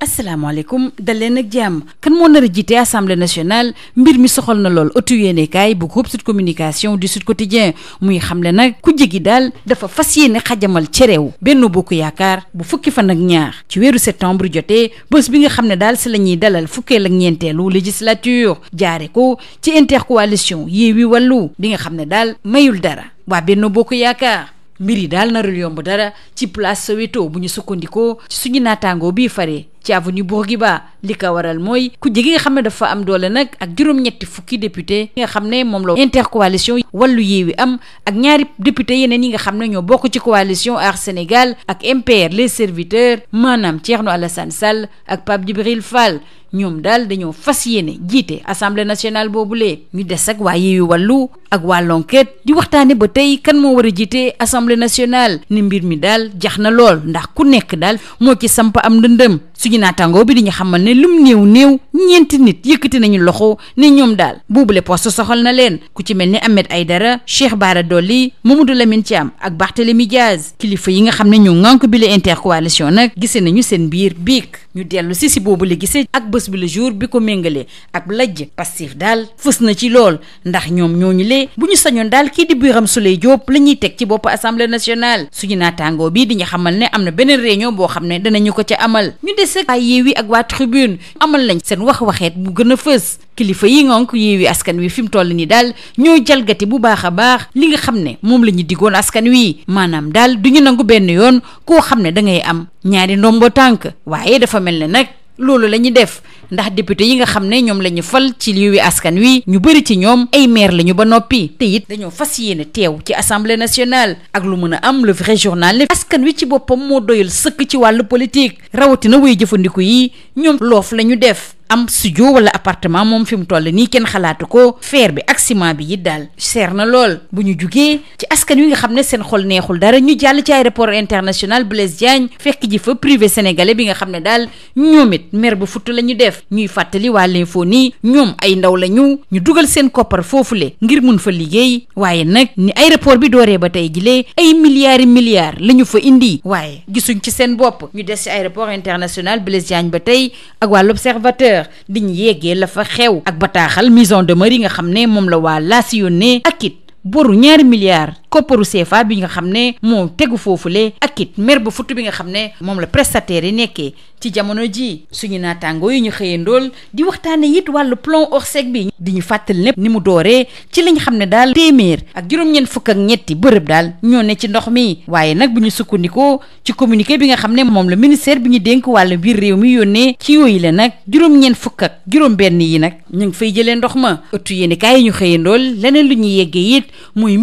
asalaamaaleykum dal leen ak jàmm kan moo nar a jiite assemblée nationale mbir mi soxal na lool ëttu yéenekaay bu groupe su Communication du Sud Quotidien muy xamle nag ku jigi daal dafa fas yéene xajamal ci réew Benno Bokk Yaakaar bu fukki fan ak ñaar ci weeru septembre jotee bës bi nga xam ne daal si la ñuy dalal fukkeel ak ñeenteelu législature jaare ko ci intercoalition Yewwi Wallu bi nga xam ne daal mayul dara waa Benno Bokk Yaakaar. mbir yi daal narul yomb dara ci place Soweto bu ñu sukkandikoo suñu naataangoo bii fare ci gi baa li ko waral mooy ku gi nga xam ne dafa am doole nag ak juróom-ñetti fukki député nga xam ne moom la intercoalition wàllu Yewwi am ak ñaari député yeneen yi nga xam ne ñoo bokk ci coalition Aar Sénégal ak MPR les serviteurs maanaam ceex Thierno Alassane Sall ak Pape Djibril Fall ñoom daal dañoo fas yéene jiite assemblée nationale boobulee ñu des ak waa Yewwi wàllu ak waa L'Enquête di waxtaane ba tey kan moo war a jiite assemblée nationale ni mbir mi daal jax na lool ndax ku nekk daal moo ci samp am ndëndëm suñu naataangoo bi di ñu xamal ne lum néew néew ñeenti nit yëkkati nañu loxo ne ñoom daal boobule poste soxal na leen ku ci mel ni am ay dara Ahmed Aïdara Cheikh Bara Dolly Mamadou Lamine Thiam ak Barthélémy Diaz kilifa yi nga xam ne ñoo ŋànk bi la intercoalition nag gisee nañu seen biir biig ñu dellu si si boobule gisee ak bés bi le jour bi ko méngalee ak lajj passif daal fës na ci lool ndax ñoom ñooñu lee bu ñu sañoon daal kii di Birame su Diop la ñuy teg ci bopp assemblée nationale suñu naataangoo bi bii ñu xamal ne am na beneen réunion boo xam ne danañu ko ci amal ñu des ak waa ak waa tribune amal nañ seen wax waxeet bu gën a fës kilifa yi ngonk Yewwi Askan Wi fi mu toll nii daal ñoo jalgati bu baax a baax li nga xam ne moom la ñu diggoon askan wi maanaam daal du ñu nangu benn yoon koo xam ne da ngay am ñaari ndombo tànk waaye dafa mel ne nag loolu la ñu def ndax député yi nga xam ne ñoom lañu ñu fal ci Yewwi Askan Wi ñu bëri ci ñoom ay maire la ñu ba noppi te it dañoo fas yéene teew ci assemblée nationale ak lu mën a am le vrai journal askan wi ci boppam moo doyul sëkk ci wàllu politique rawatina way jëfandiku yi ñoom am studio wala appartement moom fi mu toll nii kenn xalaatu ko fer bi ak ciment bi it daal seer na lool bu ñu jugee ci askan wi nga xam ne seen xol neexul dara ñu jàll ci aéroport international Blaise Diagne fekk ji fa privé sénégalais bi nga xam ne daal ñoom it mer bu la ñu def ñuy fàttali waa l'info nii ñoom ay ndaw la ñu ñu dugal seen koppar foofule ngir mun fa liggéey waaye nag ni aéroport bi dooree ba tey jilee ay milliards milliards la ñu fa indi waaye gisuñ ci seen bopp ñu des ci aéroport international Blaise Diagne ba tey ak waa l'observateur heures diñ yeggee la fa xew ak bataaxal maison de mairie nga xam ne moom la waa laas yónnee ak it boru ñaari milliards kopparu CFA bi nga xam ne moo tegu foofule ak it mer ba futt bi nga xam ne moom la prestataire yi nekkee ci jamono ji suñu naataangoo yi ñu xëyee ndool di waxtaane it wàllu plan Orsec bi di ñu fàttali lépp ni mu dooree ci li nga xam ne daal téeméer ak juróom-ñeent fukk ak ñetti bërëb daal ñoo ne ci ndox mi waaye nag bu ñu sukkandikoo ci communiqué bi nga xam ne moom la ministère bi ñu dénk wàllu biir réew mi yónnee ci yooyu la nag juróom-ñeent fukk ak juróom-benn yi nag ñu ngi fay jëlee ndox ma ëttu yéenekaay yi ñu xëyee ndool leneen lu ñuy yeggee it muy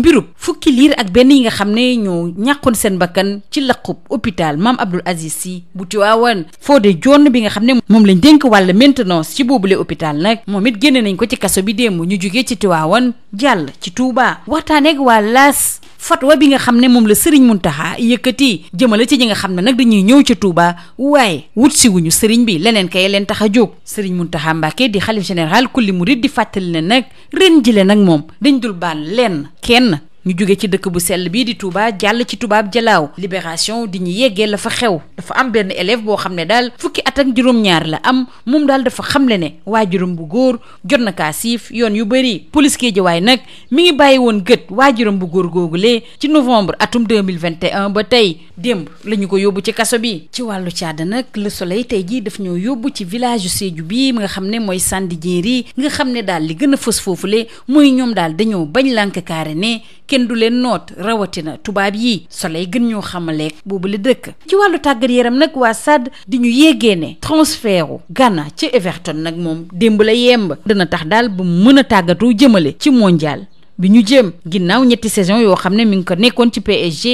liir ak benn yi nga xam ne ñoo ñàkkoon seen bakkan ci laqub hôpital Mame Abdoul Aziz Sy bu Tiwaawan Fodé jonn bi nga xam ne moom lañ dénk wàll maintenance ci boobule hôpital nag moom it nañ ko ci kaso bi démb ñu jugee ci Tiwaawan jàll ci Touba waxtaanee ak waa Laas fatwa bi nga xam ne moom la Serigne Mountakha yëkkati jëmale ci ñi nga xam ne nag dañuy ñëw ci Touba waaye wut si wuñu bi leneen kay leen tax a jóg Serigne Mountakha Mbacké di xalif général kulli murid di fàttali ne nag reen jile nag moom dañ dul baan lenn kenn ñu jóge ci dëkk bu sell bii di Touba jàll ci tubaab jalaaw libération di ñu yeggee la fa xew dafa am benn élève boo xam ne daal fukki at ak juróom-ñaar la am moom daal dafa xam ne waajuram bu góor jot na kaa siif yoon yu bëri police Guédiawaye nag mi ngi bàyyi woon gët waajuram bu góor le ci novembre atum 2021 ba tey démb la ñu ko yóbbu ci kaso bi ci wàllu caada nag la soleil tey jii daf ñoo yóbbu ci village Sédhiou bii nga xam ne mooy Sandi Jéeri nga xam ne daal li gën a fës foofule mooy ñoom daal dañoo bañ lànk kaare ne kenn du leen noot rawatina tubaab yi soleil gën ñoo xamaleek boobu la dëkk ci wàllu tàggat yaram nag waa SAD di ñu yéegee ne transferu Ghana ci Everton nag moom démb la yemb dina tax daal bu mën a tàggatoo jëmale ci mondial bi ñu jëm ginnaaw ñetti saison yoo xam ne mu ngi ko nekkoon ci PSG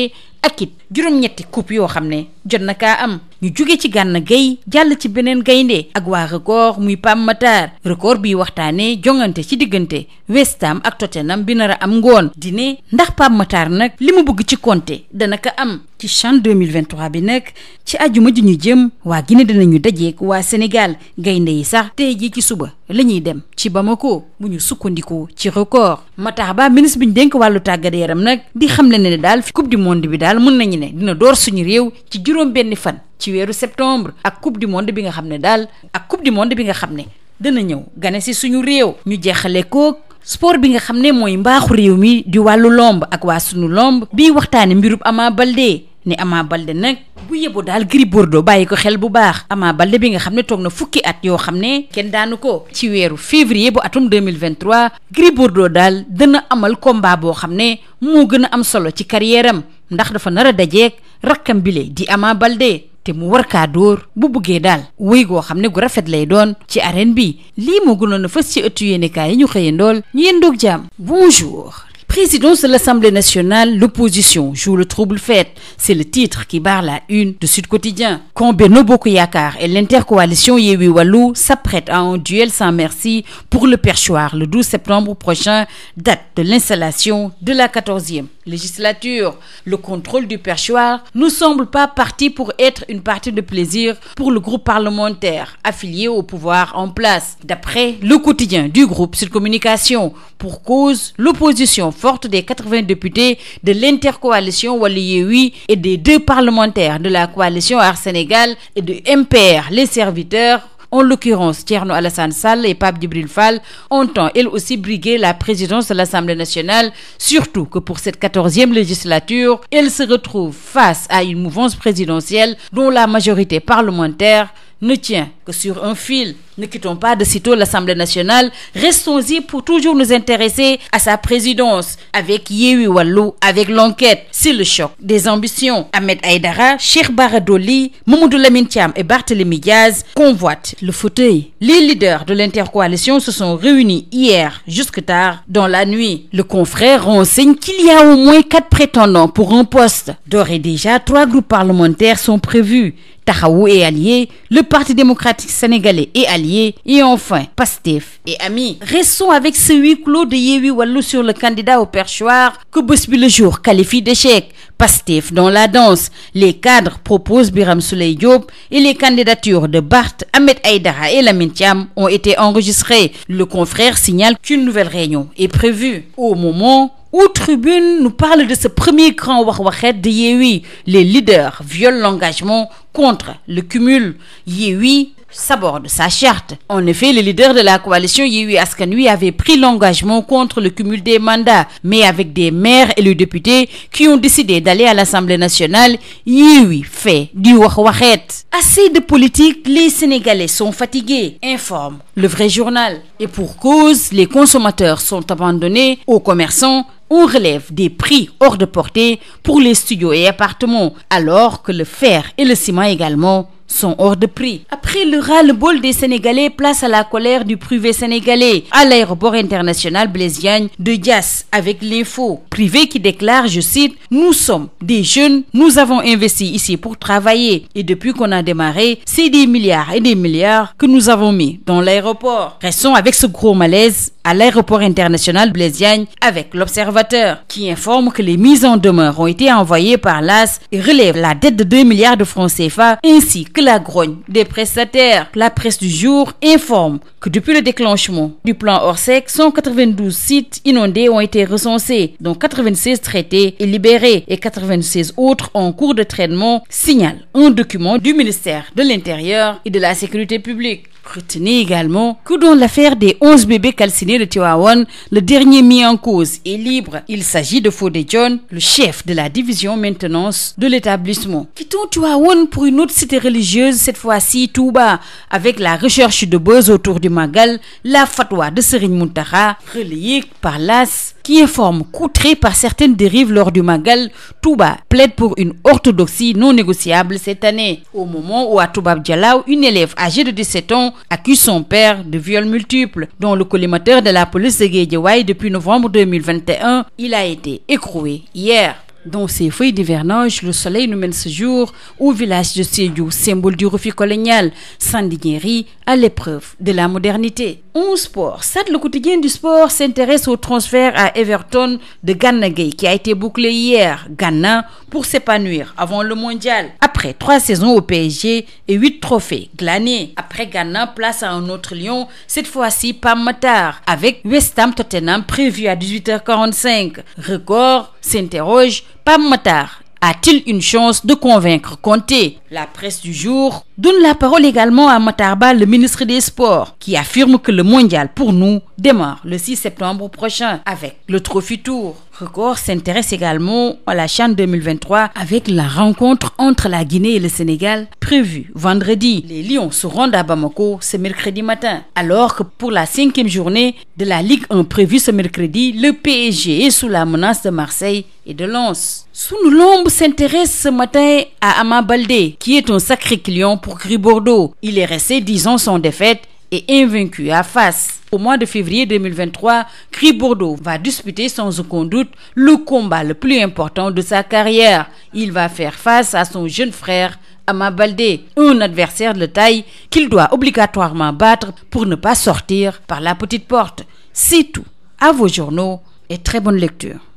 ak it juróom-ñetti coupe yoo xam ne jot na kaa am ñu jóge ci gànn Gueye jàll ci beneen gaynde ak waa record muy Pape Matar record bi waxtaanee jongante ci diggante West Ham ak nam bi nar a am ngoon di ne ndax Pape Matar nag li ma bugg ci Conte dana ko am ci CHAN 2023 bi nag ci ajuma ji ñu jëm waa Guinée ñu dajeek waa Sénégal gaynde yi sax tey jii ci suba la ñuy dem ci Bamako mu ñu sukkandiku ci record Matar baa ministre bi ñu dénk wàllu tàggat yaram nag di xamle ne daal coupe du monde bi daal mën nañu ne dina door suñu réew ci juróom benn fan ci weeru septembre ak coupe du monde bi nga xam ne daal ak coupe du monde bi nga xam ne dana ñëw gane si suñu réew ñu jeexale ko sport bi nga xam ne mooy mbaaxu réew mi di wàllu lomb ak waa suñu lomb bii waxtaane mbirub Ama Baldé ni Ama Baldé nag bu yeboo daal Gris Bordeaux bàyyi ko xel bu baax Ama Baldé bi nga xam ne toog na fukki at yoo xam ne kenn daanu ko ci weeru février bu atum 2023 Gris Bordeaux daal dana amal combat boo xam ne moo gën a am solo ci carrière ndax dafa nar a dajeeg rakkam bile di Ama Baldé te mu war kaa dóor bu buggee daal wuy goo xam ne gu rafet lay doon ci arène bi lii moo gënoon a fës ci ëttu yéenekaay yi ñu xëyee xëyandool ñu yendoog jàmm bonjour Présidence de l'Assemblée nationale, l'opposition joue le trouble fête. C'est le titre qui barre la une de Sud Quotidien. Quand Benno Bokk Yakaar et l'intercoalition Yewwi Wallu s'apprêtent à un duel sans merci pour le perchoir le 12 septembre prochain, date de l'installation de la 14e législature. Le contrôle du perchoir ne semble pas parti pour être une partie de plaisir pour le groupe parlementaire affilié au pouvoir en place. D'après le quotidien du groupe Communication, pour cause, l'opposition forte des 80 députés de l'intercoalition Wallu Yewwi et des deux parlementaires de la coalition Aar Sénégal et de MPR, les serviteurs en l'occurrence Thierno Alassane Sall et Pape Djibril Fall entend elle aussi briguer la présidence de l'Assemblée nationale surtout que pour cette quatorzième législature elle se retrouve face à une mouvance présidentielle dont la majorité parlementaire ne tient que sur un fil Ne quittons pas de sitôt l'Assemblée nationale. Restons-y pour toujours nous intéresser à sa présidence avec Yewwi Wallu, avec l'enquête. C'est le choc des ambitions. Ahmed Aïdara, Cheikh Bara Dolly, Mamadou Lamine Thiam et Barthélémy Diaz convoitent le fauteuil. Les leaders de l'intercoalition se sont réunis hier jusque tard dans la nuit. Le confrère renseigne qu'il y a au moins quatre prétendants pour un poste. D'ores et déjà, trois groupes parlementaires sont prévus. février. Et enfin, Pastef et amis, restons avec ce huis clos de Yewi Wallou sur le candidat au perchoir que Bës Bi Le Jour qualifie d'échec. Pastef dans la danse. Les cadres proposent Biram Souleye Diop et les candidatures de Barth, Ahmed Aïdara et Lamine Thiam ont été enregistrées. Le confrère signale qu'une nouvelle réunion est prévue au moment où Tribune nous parle de ce premier grand wax de Yewwi les leaders violent l'engagement contre le cumul Yewwi saborde sa charte en effet les leaders de la coalition Yewwi Askan Wi avaient pris l'engagement contre le cumul des mandats mais avec des maires et les députés qui ont décidé d'aller à l'Assemblée nationale Yewwi fait du wax-waxeet assez les Sénégalais sont fatigués informe le vrai journal et pour cause les consommateurs sont abandonnés aux commerçants on relève des prix hors de portée pour les studios et appartements, alors que le fer et le ciment également sont hors de prix. Après le ras-le-bol des Sénégalais, place à la colère du privé sénégalais à l'aéroport international Blaise Diagne de Diass avec l'info privé qui déclare, je cite, Nous sommes des jeunes, nous avons investi ici pour travailler et depuis qu'on a démarré, c'est des milliards et des milliards que nous avons mis dans l'aéroport. Restons avec ce gros malaise à l'aéroport international Blaise Diagne avec l'Observateur qui informe que les mises en la dette de 2 milliards de que la grogne des prestataires. La presse du jour informe que depuis le déclenchement du plan Orsec, 192 sites inondés ont été recensés, dont traités et libérés et autres en cours de traitement, signale un document du ministère de l'Intérieur et de la Sécurité publique. Retenez également que dans l'affaire des 11 bébés calcinés de Tivaouane, le dernier mis en cause est libre. Il s'agit de Fodé John, le chef de la division maintenance de l'établissement. Quittons Tivaouane pour une autre religieuse, cette fois-ci Touba, avec la recherche de buzz autour du Magal, la fatwa de Serigne Mountakha, relayée par l'AS. qui est forme coutrée par certaines dérives lors du Magal, Touba plaide pour une orthodoxie non négociable cette année. Au moment où à Toubab Dialaw, une élève âgée de 17 ans accuse son père de viols multiples, dont le collimateur de la police de Guédiawaye depuis novembre 2021, il a été écroué hier. Dans ces feuilles d'hivernage, le soleil nous mène ce jour au village de Sédhiou, symbole du refus colonial, Sandiniéry à l'épreuve de la modernité. En sport, SAT le quotidien du sport s'intéresse au transfert à Everton de Gana Gueye qui a été bouclé hier, Gana pour s'épanouir avant le mondial. Après trois saisons au PSG et huit trophées glanés, après Gana place à un autre lion, cette fois-ci Pape Matar avec West Ham Tottenham prévu à 18 h Record s'interroge Pam Matar a-t-il une chance de convaincre Conté La presse du jour donne la parole également à Matarba, le ministre des Sports, qui affirme que le mondial pour nous démarre le 6 septembre prochain avec le Trophy Tour. Record s'intéresse également à la CHAN 2023 avec la rencontre entre la Guinée et le Sénégal prévue vendredi. Les Lions se rendent à Bamako ce mercredi matin. Alors que pour la cinquième journée de la Ligue 1 prévue ce mercredi, le PSG est sous la menace de Marseille et de Lens. Sunu Lamb s'intéresse ce matin à Ama Baldé, qui est un sacré client pour Gris Bordeaux. Il est resté 10 ans sans défaite et invaincu à face. Au mois de février 2023, Gris Bordeaux va disputer sans aucun doute le combat le plus important de sa carrière. Il va faire face à son jeune frère Ama Baldé, un adversaire de taille qu'il doit obligatoirement battre pour ne pas sortir par la petite porte. C'est tout. À vos journaux et très bonne lecture.